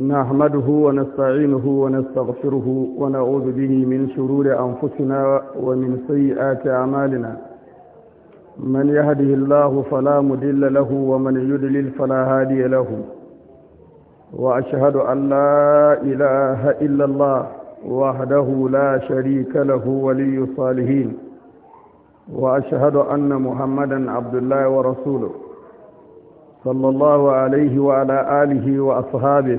نحمده ونستعينه ونستغفره ونعوذ به من شرور أنفسنا ومن سيئات أعمالنا من يهده الله فلا مدل له ومن يدلل فلا هادي له وأشهد أن لا إله إلا الله وحده لا شريك له ولي الصالحين وأشهد أن محمدا عبد الله ورسوله صلى الله عليه وعلى آله وأصحابه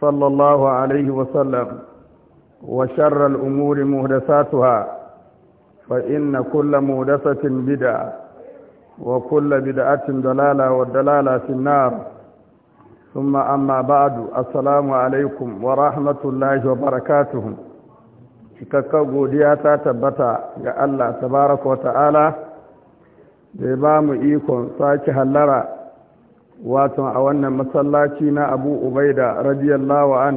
صلى الله عليه وسلم وشر الأمور مهدساتها فإن كل مهدسة بدعة وكل بدعة دلالة والدلالة في النار ثم أما بعد السلام عليكم ورحمة الله وبركاته cikakkar godiya ta tabbata ga Allah tabaraka wa ta'ala da ya ba mu ikon sake hallara wato a wannan masallaci na abu ubaida radiyallahu an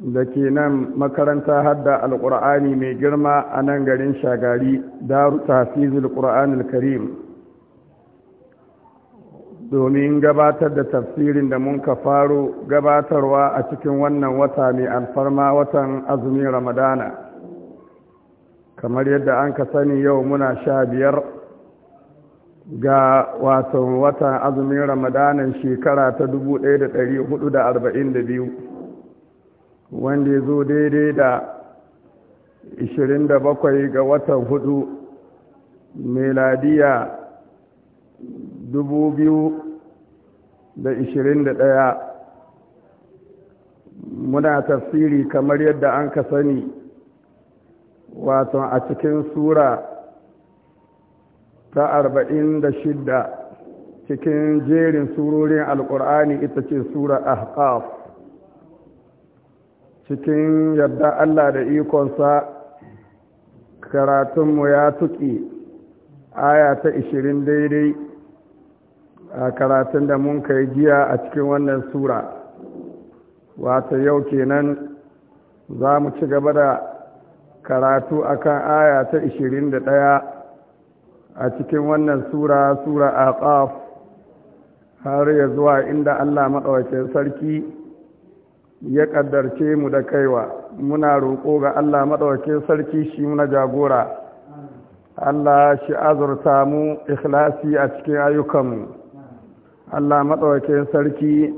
da ke nan makaranta hadda alƙur'ani mai girma a nan garin shagari daru tafizul ƙur'anul karim domin gabatar da tafsirin da mun ka faro gabatarwa a cikin wannan wata mai alfarma watan azumin ramadana kamar yadda an ka sani yau muna sha biyar ga watan watan azumin ramadanin shekara ta 1442 wanda ya zo daidai da 27 ga watan 4 meladiya 2021 muna tafsiri kamar yadda an ka sani wato a cikin sura ta arba'in da shidda cikin jerin surorin alƙur'ani ita ce sura ahqaf cikin yadda allah da ikonsa karatunmu ya tuƙi aya ta ishirin daidai a karatun da mun kai jiya a cikin wannan sura wata yau kenan za mu ci gaba da karatu akan aya ta ishirin da ɗaya a cikin wannan sura sura aqaf har ya zuwa inda Allah maɗaukakin sarki ya ƙaddarce mu da kaiwa muna roƙo ga Allah maɗaukakin sarki shi muna jagora Allah shi azurta mu ikhlasi a cikin ayyukanmu Allah maɗaukakin sarki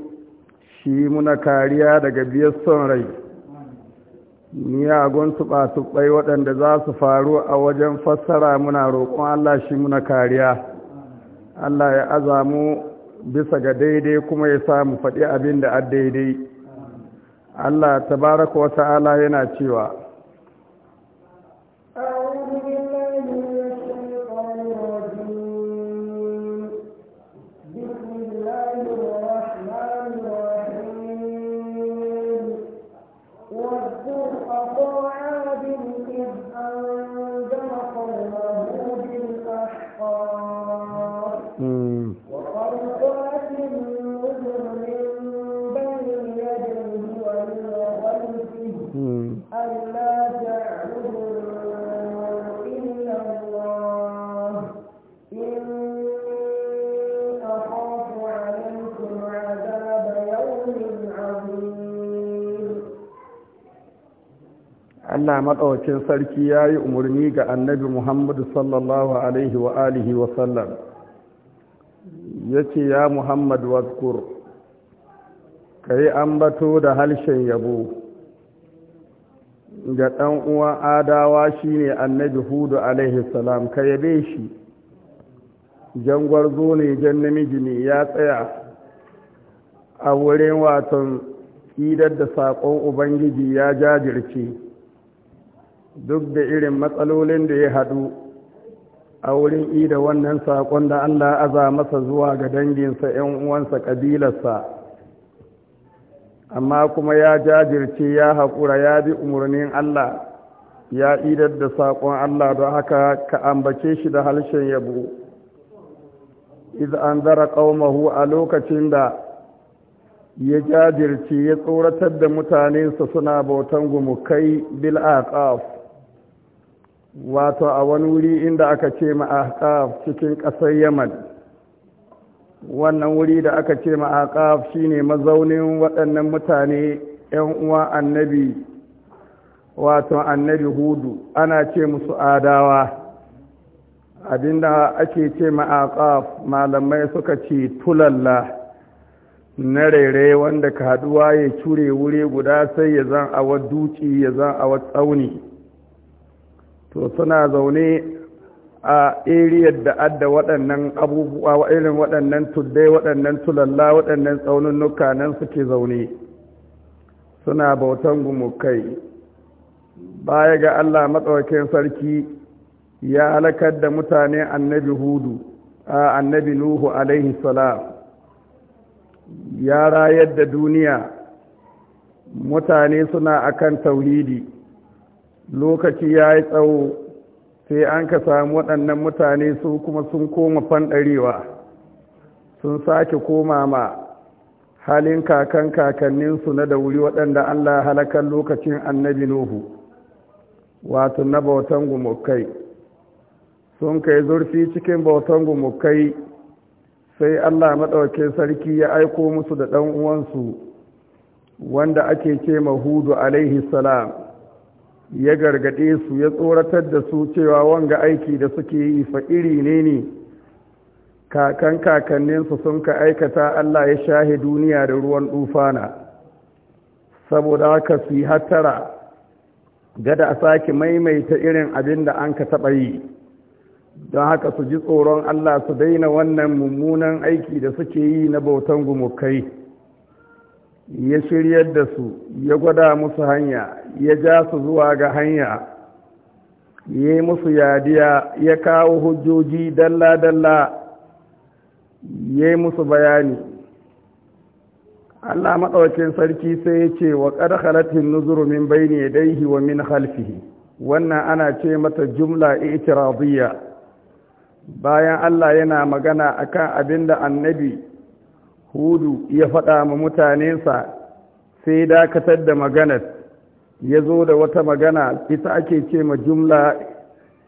shi muna kariya daga biyar son rai miyagun tuba tuɓai waɗanda za su faru a wajen fassara muna roƙon Allah shi muna kariya Allah ya azamu bisa ga daidai kuma ya mu faɗi abin da daidai Allah tabaraka wa ta'ala yana cewa Allah maɗaukin sarki ya yi umarni ga annabi Muhammadu sallallahu Alaihi wa alihi wasallam ya ce ya Muhammad waskur ka yi ambato da harshen yabo ga ɗan uwan adawa shine annabi hudu alaihi salam ka yabe shi jangwar zo ne jan namiji ne ya tsaya a wurin watan idar da saƙon ubangiji ya jajirce duk da irin matsalolin da ya haɗu a wurin ida wannan saƙon da Allah aza masa zuwa ga danginsa ‘yan uwansa ƙabilarsa amma kuma ya jajirce ya haƙura ya bi umarnin Allah ya idar da saƙon Allah don haka ka ambace shi da harshen yabo iz an zara ƙaumahu a lokacin da ya jajirce ya tsoratar da mutanensa suna bautan gumukai bil wato a wani wuri inda aka ce ma'aƙaf cikin ƙasar yaman wannan wuri da aka ce ma'aƙaf shine mazaunin waɗannan mutane 'yan uwa annabi wato annabi hudu ana ce musu adawa abinda ake ce ma'aƙaf malamai suka ce tulalla na rere wanda kaduwa ya cure wuri guda sai ya zan awa duci ya zan awa tsauni to suna zaune a eriyar da adda waɗannan abubuwa irin waɗannan tuddai waɗannan tulalla waɗannan nuka nan suke zaune suna bautan gumukai baya ga allah matsaukin sarki ya halakar da mutane annabi hudu a annabi nuhu alaihi salam ya rayar da duniya mutane suna akan tauridi. lokaci ya yi tsawo sai an ka samu waɗannan mutane su kuma sun koma fanɗarewa sun sake koma ma halin kakan kakanninsu na da wuri waɗanda allah halakar lokacin annabi nuhu wato na bautan gumukai sun kai zurfi cikin bautan gumukai sai allah maɗaukin sarki ya aiko musu da ɗan uwansu wanda ake ce mahudu alaihi salam ya gargaɗe su ya tsoratar da su cewa wanga aiki da suke yi fa iri ne ne kakan kakanninsu sun ka aikata Allah ya shahe duniya da ruwan dufana saboda haka su yi hattara gada a sake maimaita irin abin da an ka taɓa yi don haka su ji tsoron Allah su daina wannan mummunan aiki da suke yi na bautan gumukai. ya shiryar da su ya gwada musu hanya ya ja su zuwa ga hanya ya yi musu yadiya ya kawo hujjoji dalla-dalla ya yi musu bayani allah maɗaukin sarki sai ya ce wa ƙarƙaratin nuzuru min ne daihi wa min halfihi wannan ana ce mata jumla itiradiyya bayan allah yana magana akan abin da annabi hudu ya faɗa ma mutanensa sai dakatar da maganar ya zo da wata magana ita ake ce ma jumla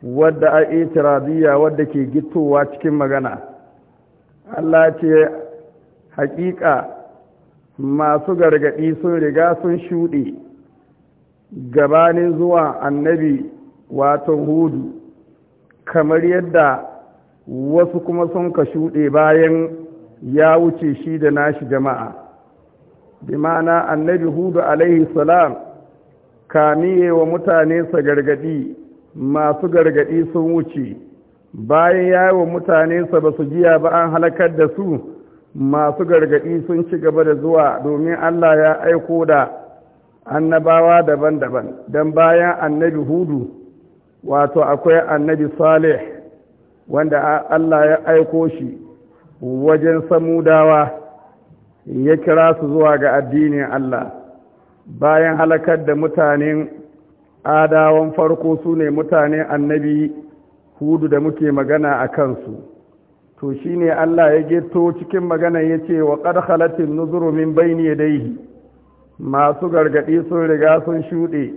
wadda a itiradiyya wadda ke gittowa cikin magana Allah ce hakika masu gargadi sun riga sun shuɗe gabanin zuwa annabi wato hudu kamar yadda wasu kuma sun ka shuɗe bayan ya wuce shi da nashi jama'a bi ma'ana annabi hudu alaihi salam kamiye wa mutane sa gargadi masu gargadi sun wuce bayan ya yi wa mutane sa ba su jiya ba an halakar da su masu gargadi sun ci gaba da zuwa domin allah ya aiko da annabawa daban-daban don bayan annabi hudu wato akwai annabi salih wanda allah ya aiko shi wajen samudawa ya kira su zuwa ga addinin Allah bayan halakar da mutanen adawan farko su ne mutanen annabi hudu da muke magana a kansu to shi ne Allah ya geto cikin magana ya ce wa ƙarhalatin nuzuru min ya daihi? masu gargaɗi sun riga sun shuɗe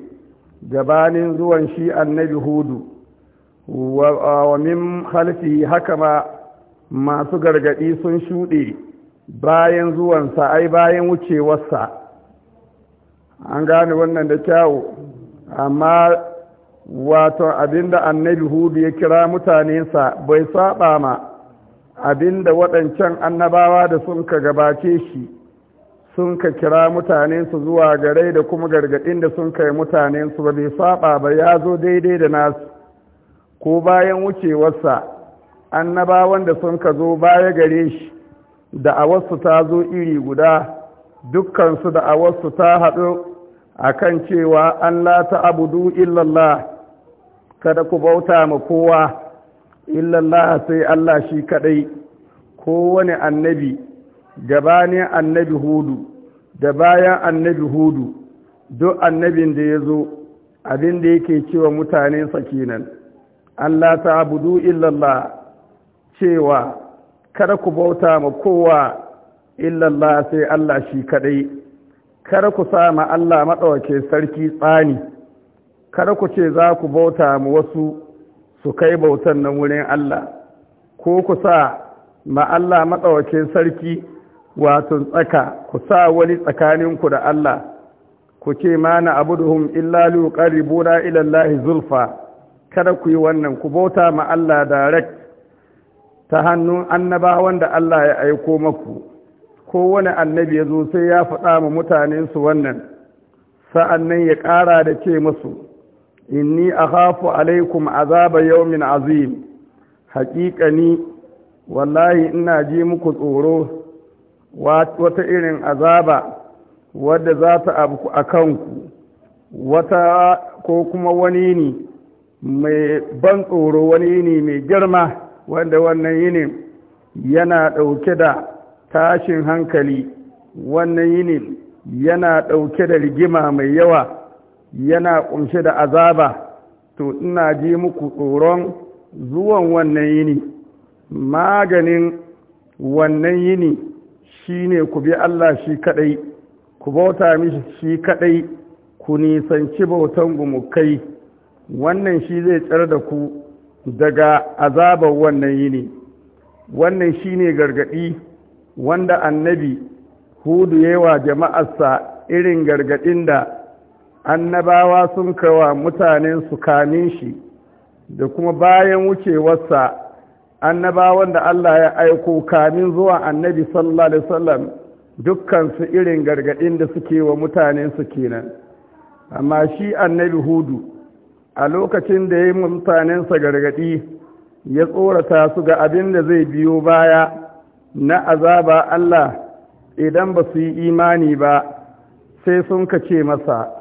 gabanin zuwan shi annabi hudu wa min halfi haka ma masu gargadi sun shuɗe bayan zuwansa ai bayan wucewarsa an gane wannan da kyawu amma wato abinda annabi hudu ya kira mutanensa bai saba ma abinda waɗancan annabawa da sun ka gabace shi sun ka kira mutanensu zuwa gare da kuma gargaɗin da sun kai mutanensu ba bai saba ba ya zo daidai da nasu ko bayan wucewarsa annabawan da sun ka zo baya gare shi da a ta zo iri guda dukkansu da a ta haɗu a kan cewa Allah ta abudu illallah kada ku bauta ma kowa illallah sai Allah shi kaɗai kowane annabi gabanin annabi hudu da bayan annabi hudu duk annabin da ya zo abin da yake cewa mutanensa kenan Allah ta abudu illallah cewa kada ku bauta ma kowa illallah sai Allah shi kadai kada ku sama Allah madauke sarki tsani kada ku ce za ku bauta ma wasu su kai bautan nan wurin Allah ko ku sa ma Allah madauke sarki wato tsaka ku sa wani tsakanin ku da Allah ku ce mana abuduhum illa liqarribuna ila Allah zulfa kada ku yi wannan ku bauta ma Allah direct ta hannun annabawan da Allah ya aiko maku kowane annabi ya zo sai ya faɗa ma mutane su wannan sa'annan ya ƙara da ce musu inni hafu alaikum azaba yaumin azim haƙiƙani wallahi ina ji muku tsoro wata irin azaba wadda za ta abu a kanku wata ko kuma wani ne mai ban tsoro wani ne mai girma wanda wannan yinin yana ɗauke da tashin hankali wannan yinin yana ɗauke da rigima mai yawa yana ƙunshe da azaba to ina ji muku tsoron zuwan wannan yini maganin wannan yini shine ku bi Allah shi kaɗai ku bauta mishi shi kaɗai ku nisanci bautan gumukai wannan shi zai tsar da ku daga azabar wannan yini wannan shine gargaɗi, wanda annabi hudu yawa jama'arsa irin gargaɗin da annabawa sun kawa mutanen su kamin shi da kuma bayan wucewarsa annabawan da Allah ya aiko kamin zuwa annabi sallallahu alaihi wasallam dukkansu irin gargadin da suke wa mutanen su kenan amma shi annabi hudu a lokacin da ya yi mutanensa gargaɗi ya tsorata su ga abin da zai biyo baya na azaba Allah idan ba su yi imani ba sai sun kace masa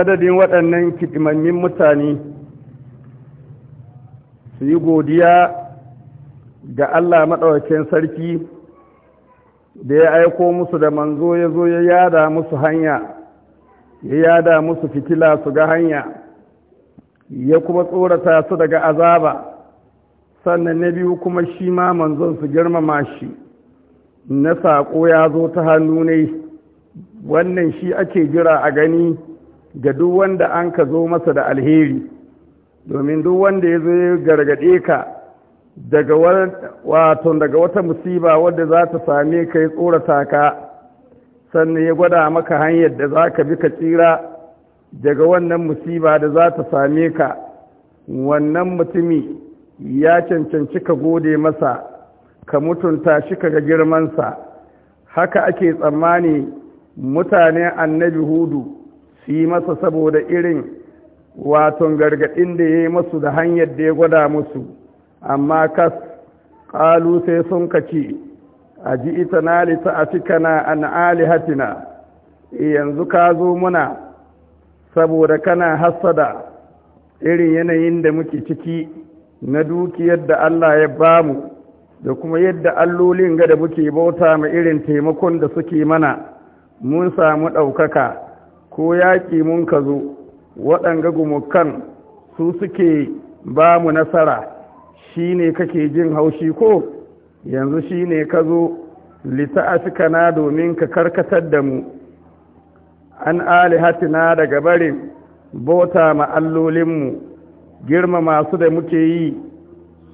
adadin waɗannan kidimammin mutane su yi godiya ga Allah maɗaukacin sarki da ya aiko musu da manzo ya zo ya yada musu hanya ya yada musu fitila su ga hanya ya kuma tsorata su daga azaba sannan na biyu kuma shi ma manzon su girmama shi na saƙo ya zo ta hannu ne wannan shi ake jira a gani ga duk wanda an ka zo masa da alheri domin duk wanda ya zo gargaɗe ka daga wato daga wata musiba wadda za ta same ka ya tsorata ka sannan ya gwada maka hanyar da za ka bi ka tsira daga wannan musiba da za ta same ka wannan mutumi ya cancanci ka gode masa ka mutunta shi ka ga girmansa haka ake tsammani mutanen annabi hudu su masa saboda irin waton gargaɗin da ya yi masu da hanyar da ya gwada musu amma kas ƙalu sai sun kaci a ji ita na lita a fikana an alihatina e, yanzu ka zo muna saboda kana hassada irin yanayin da muke ciki na dukiyar da Allah ya bamu da kuma yadda allolin ga da muke bauta ma irin taimakon da suke mana mun samu ɗaukaka ko yaƙi mun ka zo waɗanga gumukan su suke ba mu nasara shi ne kake jin haushi ko yanzu shi ne ka zo suka na domin ka karkatar da mu an alihatina daga barin bauta ma allolinmu girma masu da muke yi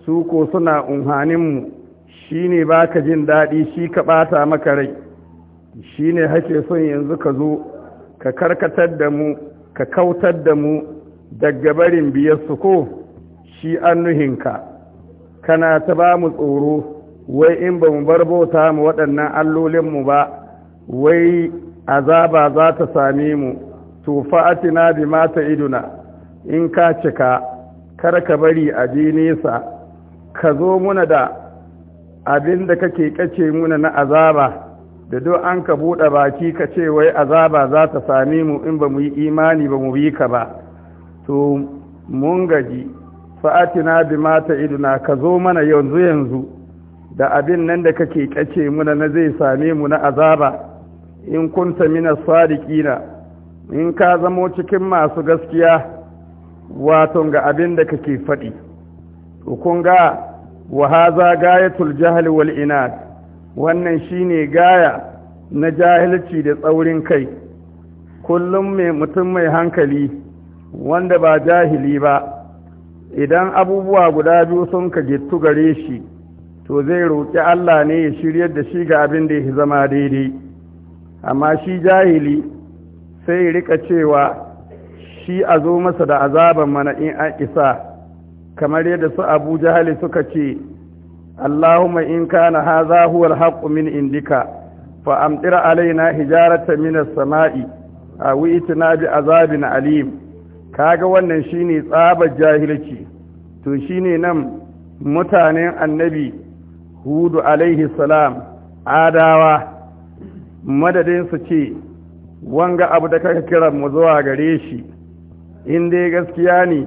su ko suna unhaninmu shi ne ba ka jin daɗi shi ka ɓata maka rai shi ne hake son yanzu ka zo ka karkatar da mu ka kautar da mu daga barin biyar su ko shi an nuhinka kana ta ba mu tsoro wai in ba mu bar bauta mu waɗannan allolinmu ba wai azaba za ta same mu fa'atina bi mata iduna in ka cika kar ka bari a ji nesa ka zo muna da abin da kake kace muna na azaba da duk an ka buɗe baki ka ce wai azaba za ta sami mu in ba mu yi imani ba mu yi ka ba to mun gaji fa'atina bi mata iduna ka zo mana yanzu yanzu da abin nan da kake kace muna na zai same mu na azaba in kunta mina sadiqina in ka zamo cikin masu gaskiya wato ga abin da kake faɗi kun ga wa haza gayatul jahl wal inad wannan shine gaya na jahilci da tsaurin kai kullum mai mutum mai hankali wanda ba jahili ba idan abubuwa guda biyu sun ka gittu gare shi to zai roƙi Allah ne ya shirya da shi ga abin da ya zama daidai amma shi jahili sai rika cewa shi a zo masa da azaban mana in an isa kamar yadda su abu jahali suka ce اللهم إن كان هذا هو الحق من عندك فأمطر علينا حجارة من السماء أو ائتنا بعذاب أليم كاغا wannan shine tsabar jahilci to shine nan mutanen annabi hudu alaihi salam adawa madadin su ce wanga abu da kaka kira mu zuwa gare shi in dai gaskiya ne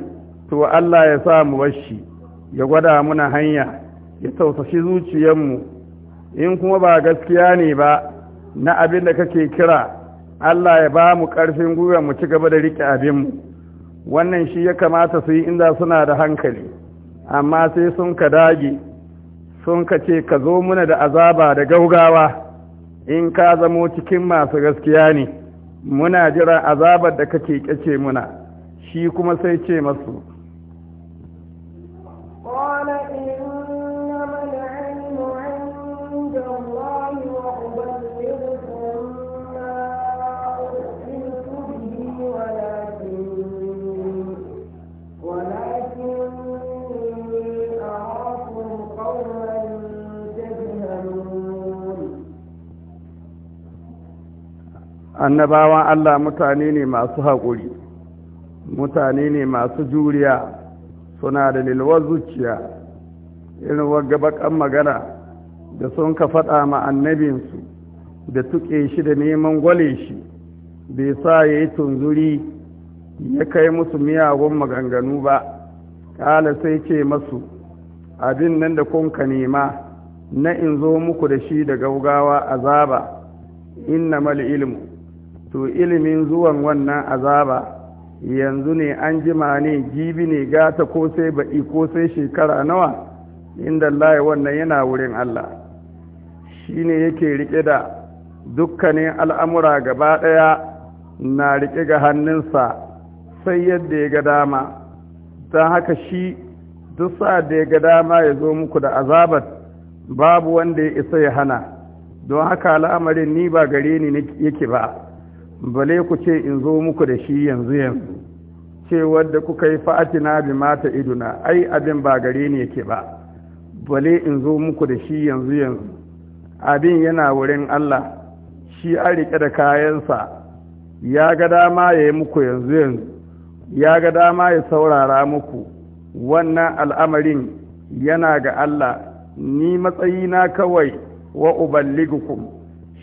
to Allah ya sa mu bashi ya gwada muna hanya ya tausashi zuciyarmu in kuma ba gaskiya ne ba na abin da kake kira Allah ya ba mu ƙarfin gwiwa mu ci gaba da riƙe abinmu wannan shi ya kamata su yi inda suna da hankali amma sai sun ka dage sun ka ce ka zo muna da azaba da gaugawa in ka zamo cikin masu gaskiya ne muna jiran azabar da kake kace muna shi kuma sai ce masu annabawan Allah mutane ne masu haƙuri mutane ne masu juriya suna da lilwar zuciya irin baƙan magana da sun ka faɗa ma annabinsu da tuƙe shi da neman gwale shi bai sa ya yi tunzuri ya kai musu miyagun maganganu ba ƙala sai ce masu abin nan da kun ka nema na in zo muku da shi da gaugawa azaba innamal ilmu to ilimin zuwan wannan azaba yanzu ne an jima ne gibi ne gata ko sai ba'i ko sai shekara nawa inda Allah wannan yana wurin Allah shi ne yake riƙe da dukkanin al'amura gaba ɗaya na riƙe ga hannunsa sai yadda ya ga dama ta haka shi duk sa da ya ga dama ya zo muku da azabat babu wanda ya isa ya hana don haka al'amarin ni ba gare ni yake ba bale ku ce in zo muku da shi yanzu yanzu ce wadda kuka yi fa'atina bi mata iduna ai abin ba gare ni yake ba bale in zo muku da shi yanzu yanzu abin yana wurin Allah shi a riƙe da kayansa ya ga dama ya yi muku yanzu yanzu ya ga dama ya saurara muku wannan al'amarin yana ga Allah ni matsayina kawai wa uballigukum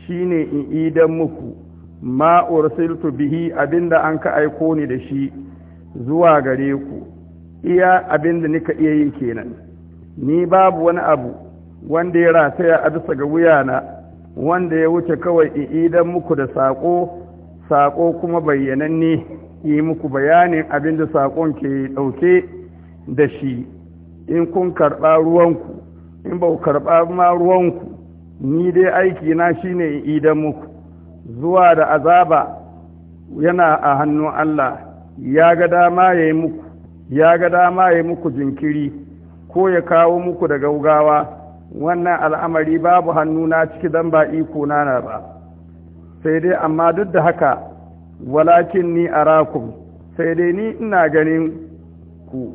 shine in idan muku ma ursiltu bihi abinda an ka aiko ni da shi zuwa gare ku iya abinda nika iya yi kenan ni babu wani abu wanda ya rataya a bisa ga wuyana wanda ya wuce kawai in idan muku da saƙo saƙo kuma bayyananne yi muku bayanin abinda saƙon ke ɗauke da shi in kun karɓa ruwanku in ba ku karɓa ma ruwanku ni dai aiki na shine in idan muku zuwa da azaba yana a hannun Allah ya ga dama ya yi muku ya ga dama ya muku jinkiri ko ya kawo muku da gaugawa wannan al'amari babu hannuna ciki don ba iko na ba sai dai amma duk da haka walakin ni arakum sai dai ni ina ganin ku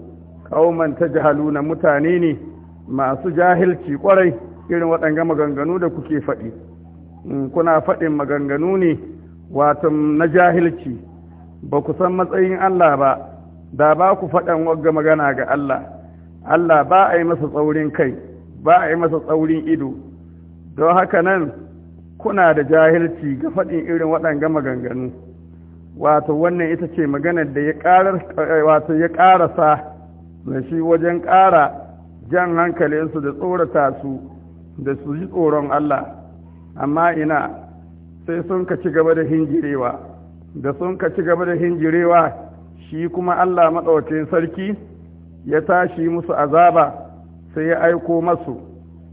kauman ta jahaluna mutane ne masu jahilci kwarai irin waɗanga maganganu da kuke faɗi kuna faɗin maganganu ne wato na jahilci ba ku san matsayin Allah ba da ba ku faɗan wagga magana ga Allah Allah ba a yi masa tsaurin kai ba a yi masa tsaurin ido don haka nan kuna da jahilci ga faɗin irin waɗanga maganganu wato wannan ita ce maganar da ya ƙara ya ƙarasa da shi wajen ƙara jan hankalinsu da tsorata su da su ji tsoron Allah amma ina sai sun ka ci gaba da hinjirewa da sun ka ci gaba da hinjirewa shi kuma Allah maɗaukin sarki ya tashi musu azaba sai ya aiko masu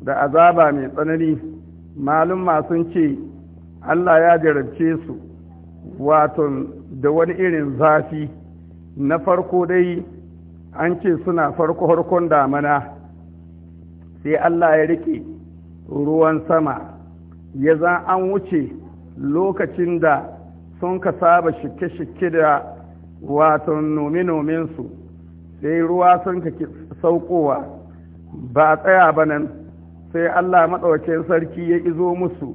da azaba mai tsanani ma sun ce Allah ya jarabce su waton da wani irin zafi na farko dai an ce suna farko harkon damana sai Allah ya rike ruwan sama ya za an wuce lokacin da sun ka saba shike-shike da wato nomi-nominsu sai ruwa sun ka saukowa ba a tsaya ba nan sai allah maɗaukin sarki ya izo musu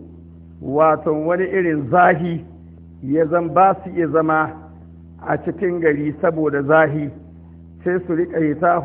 wato wani irin zahi ya zan ba su iya zama a cikin gari saboda zahi sai su riƙa yi